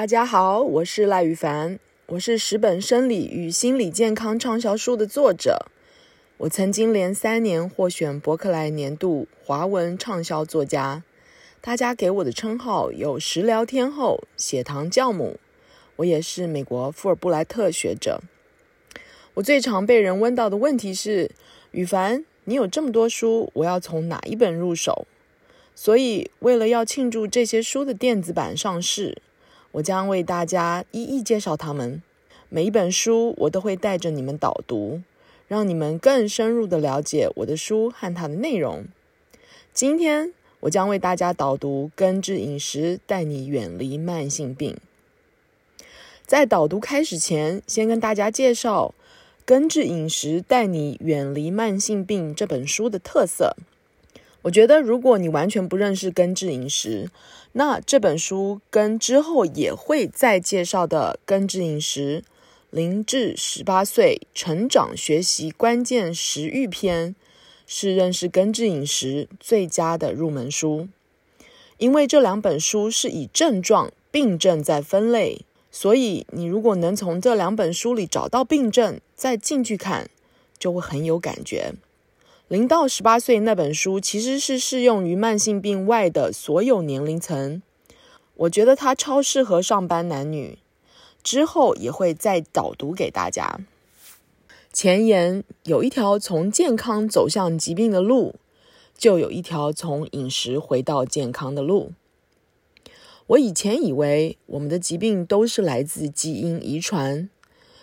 大家好，我是賴宇凡，我是十本生理與心理健康暢銷書的作者。我曾經連三年獲選博客來年度華文暢銷作家。大家給我的稱號有“食療天后”、“血糖教母”。我也是美國富爾布萊特學者。我最常被人問到的問題是：“宇凡，你有這麼多書，我要從哪一本入手？”所以，為了要慶祝這些書的電子版上市，我將為大家一一介紹他們，每一本書我都會帶着你們導讀，讓你們更深入的了解我的書和它的內容。今天我將為大家導讀《根治飲食，帶你遠離慢性病》。在導讀開始前，先跟大家介紹《根治飲食，帶你遠離慢性病》這本書的特色。我覺得，如果你完全不認識根治飲食，那這本書跟之後也會再介紹的《根治飲食零至十八歲成長學習關鍵食欲篇》，是認識根治飲食最佳的入門書。因為這兩本書是以症狀、病症在分類，所以你如果能從這兩本書裡找到病症，再進去看，就會很有感覺。零到十八歲那本書其實是適用於慢性病外的所有年齡層，我覺得它超適合上班男女，之後也會再導讀給大家。前言，有一條從健康走向疾病的路，就有一條從飲食回到健康的路。我以前以為我們的疾病都是來自基因遺傳，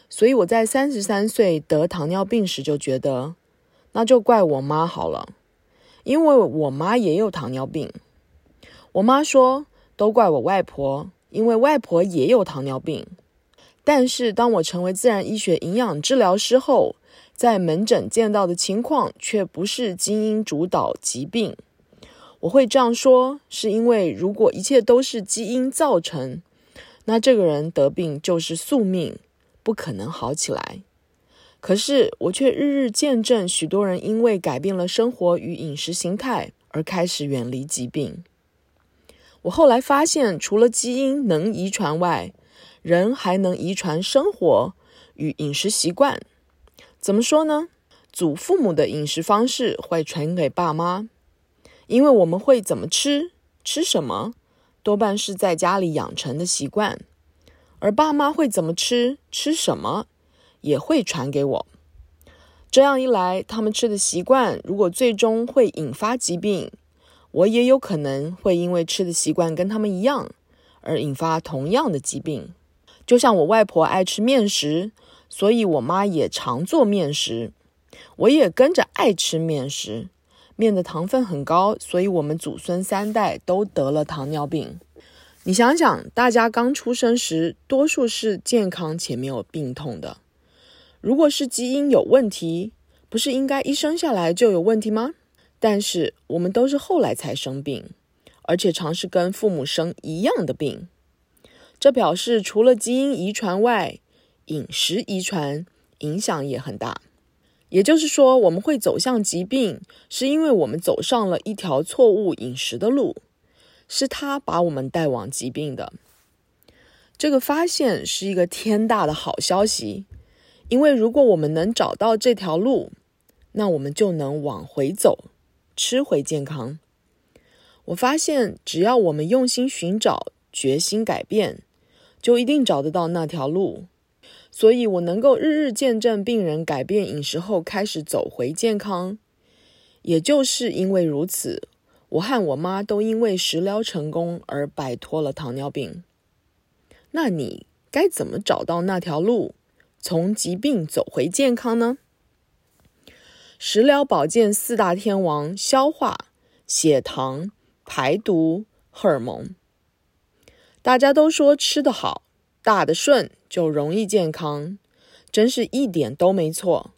所以我在三十三歲得糖尿病時就覺得。那就怪我媽好了，因為我媽也有糖尿病。我媽說都怪我外婆，因為外婆也有糖尿病。但是當我成為自然醫學營養治療師後，在門診見到的情況卻不是基因主導疾病。我會這樣說，是因為如果一切都是基因造成，那這個人得病就是宿命，不可能好起來。可是我卻日日見證，許多人因為改變了生活與飲食形態，而開始遠離疾病。我後來發現，除了基因能遺傳外，人還能遺傳生活與飲食習慣。怎麼說呢？祖父母的飲食方式會傳給爸媽，因為我們會怎麼吃、吃什麼，多半是在家裡養成的習慣，而爸媽會怎麼吃、吃什麼。也會傳給我，這樣一來，他們吃的習慣如果最終會引發疾病，我也有可能會因為吃的習慣跟他們一樣而引發同樣的疾病。就像我外婆愛吃麵食，所以我媽也常做麵食，我也跟着愛吃麵食。麵的糖分很高，所以我們祖孫三代都得了糖尿病。你想想，大家剛出生時，多數是健康且沒有病痛的。如果是基因有問題，不是應該一生下來就有問題嗎？但是我們都是後來才生病，而且常是跟父母生一樣的病。這表示除了基因遺傳外，飲食遺傳影響也很大。也就是說，我們會走向疾病，是因為我們走上了一條錯誤飲食的路，是他把我們帶往疾病的。這個發現是一個天大的好消息。因為如果我們能找到這條路，那我們就能往回走，吃回健康。我發現，只要我們用心尋找，決心改變，就一定找得到那條路。所以我能夠日日見證病人改變飲食後開始走回健康。也就是因為如此，我和我媽都因為食療成功而擺脫了糖尿病。那你該怎麼找到那條路，從疾病走回健康呢？食療保健四大天王：消化、血糖、排毒、荷爾蒙。大家都說吃得好，大得順就容易健康，真是一點都沒錯。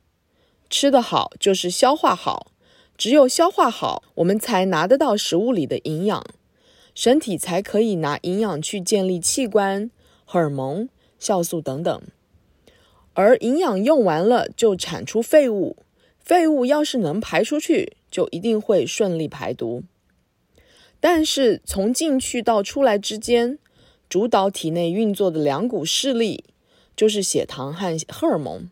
吃得好就是消化好，只有消化好，我們才拿得到食物裡的營養，身體才可以拿營養去建立器官、荷爾蒙、酵素等等。而營養用完了就產出廢物，廢物要是能排出去，就一定會順利排毒。但是從進去到出來之間，主導體內運作的兩股勢力就是血糖和荷爾蒙。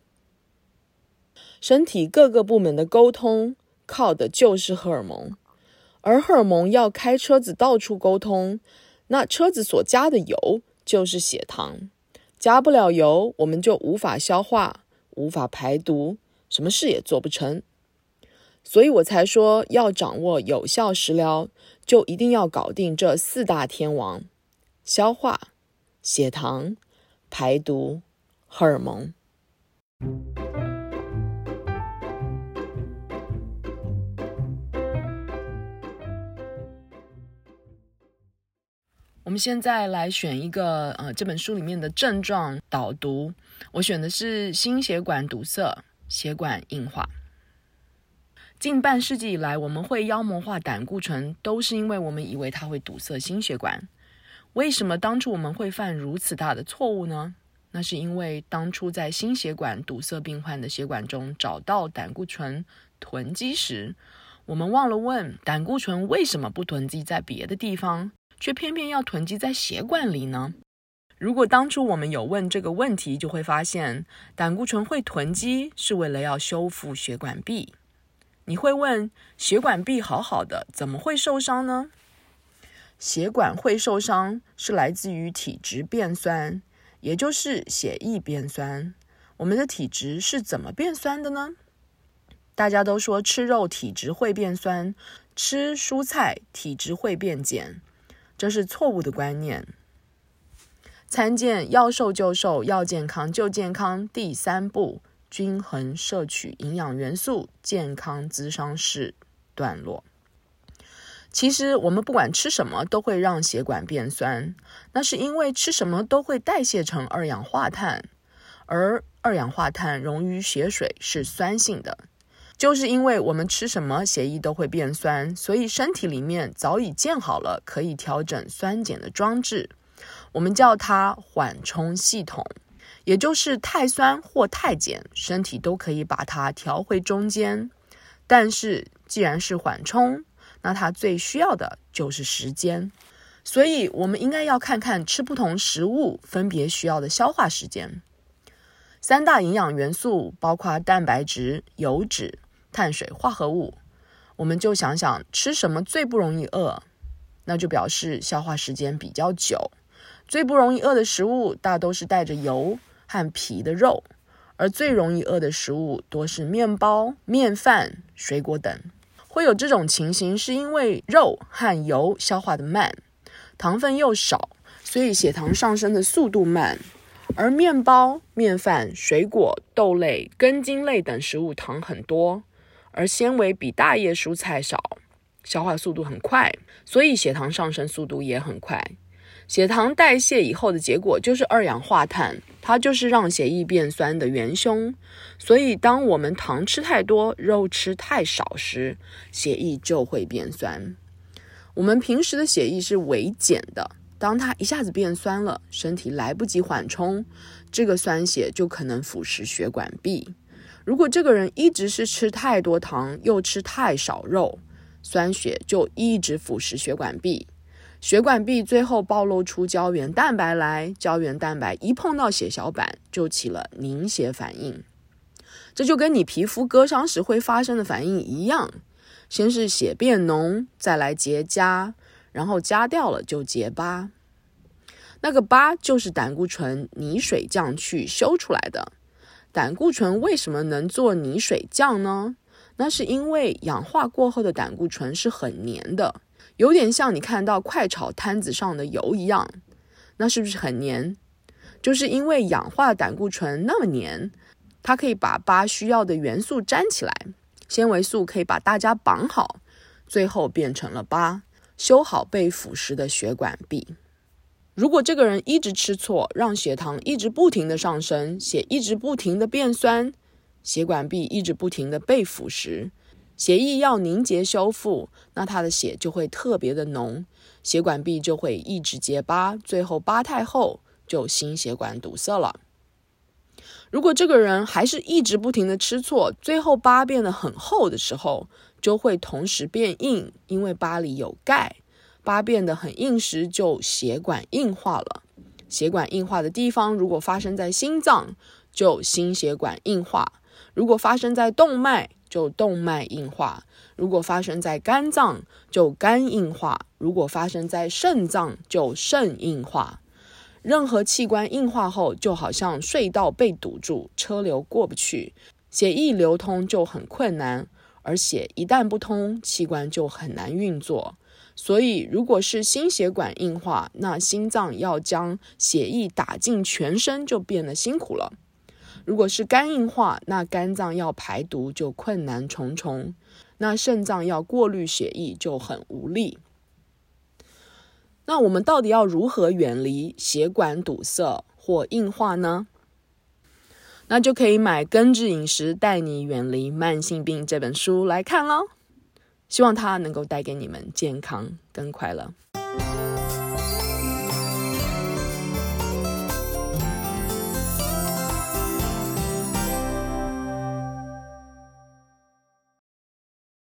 身體各個部門的溝通靠的就是荷爾蒙，而荷爾蒙要開車子到處溝通，那車子所加的油就是血糖。加不了油，我們就無法消化，無法排毒，什麼事也做不成。所以我才說，要掌握有效食療，就一定要搞定這四大天王：消化、血糖、排毒、荷爾蒙。我們現在來選一個，呃，這本書裡面的症狀導讀。我選的是心血管堵塞、血管硬化。近半世紀以來，我們會妖魔化膽固醇，都是因為我們以為它會堵塞心血管。為什麼當初我們會犯如此大的錯誤呢？那是因為當初在心血管堵塞病患的血管中找到膽固醇囤積時，我們忘了問膽固醇為什麼不囤積在別的地方。卻偏偏要囤積在血管裡呢？如果當初我們有問這個問題，就會發現膽固醇會囤積是為了要修復血管壁。你會問，血管壁好好的，怎麼會受傷呢？血管會受傷是來自於體質變酸，也就是血液變酸。我們的體質是怎麼變酸的呢？大家都說吃肉體質會變酸，吃蔬菜體質會變鹼。這是錯誤的觀念。參見獸獸“要瘦就瘦，要健康就健康”第三步：均衡攝取營養元素，健康諮商室段落。其實，我們不管吃什麼，都會讓血管變酸，那是因為吃什麼都會代謝成二氧化碳，而二氧化碳溶於血水是酸性的。就是因為我們吃什麼，血液都會變酸，所以身體裡面早已建好了可以調整酸鹼的裝置，我們叫它緩衝系統，也就是太酸或太鹼，身體都可以把它調回中間。但是既然是緩衝，那它最需要的就是時間，所以我們應該要看看吃不同食物分別需要的消化時間。三大營養元素包括蛋白質、油脂、碳水化合物，我們就想想吃什麼最不容易餓，那就表示消化時間比較久。最不容易餓的食物大都是帶着油和皮的肉，而最容易餓的食物多是麵包、麵飯、水果等。會有這種情形，是因為肉和油消化得慢，糖分又少，所以血糖上升的速度慢；而麵包、麵飯、水果、豆類、根莖類等食物糖很多。而纖維比大葉蔬菜少，消化速度很快，所以血糖上升速度也很快。血糖代謝以後的結果就是二氧化碳，它就是讓血液變酸的元凶。所以，當我們糖吃太多、肉吃太少時，血液就會變酸。我們平時的血液是微鹼的，當它一下子變酸了，身體來不及緩衝，這個酸血就可能腐蝕血管壁。如果這個人一直是吃太多糖又吃太少肉，酸血就一直腐蝕血管壁，血管壁最後暴露出膠原蛋白來，膠原蛋白一碰到血小板就起了凝血反應，這就跟你皮膚割傷時會發生的反應一樣，先是血變濃，再來結痂，然後痂掉了就結疤，那個疤就是膽固醇泥水匠去修出來的。膽固醇為什麼能做泥水匠呢？那是因為氧化過後的膽固醇是很黏的，有點像你看到快炒攤子上的油一樣。那是不是很黏？就是因為氧化膽固醇那麼黏，它可以把疤需要的元素粘起來，纖維素可以把大家綁好，最後變成了疤，修好被腐蝕的血管壁。如果這個人一直吃錯，讓血糖一直不停的上升，血一直不停的變酸，血管壁一直不停的被腐蝕，血液要凝結修復，那他的血就會特別的濃，血管壁就會一直結疤，最後疤太厚，就心血管堵塞了。如果這個人還是一直不停的吃錯，最後疤變得很厚的時候，就會同時變硬，因為疤裡有鈣。八變得很硬時，就血管硬化了。血管硬化的地方，如果發生在心臟，就心血管硬化；如果發生在動脈，就動脈硬化；如果發生在肝臟，就肝硬化；如果發生在腎臟，就腎硬，硬化。任何器官硬化後，就好像隧道被堵住，車流過不去，血液流通就很困難。而血一旦不通，器官就很難運作。所以，如果是心血管硬化，那心臟要將血液打進全身就變得辛苦了；如果是肝硬化，那肝臟要排毒就困難重重；那腎臟要過濾血液就很無力。那我們到底要如何遠離血管堵塞或硬化呢？那就可以買《根治飲食帶你遠離慢性病》這本書來看嘍。希望它能夠帶給你們健康跟快樂。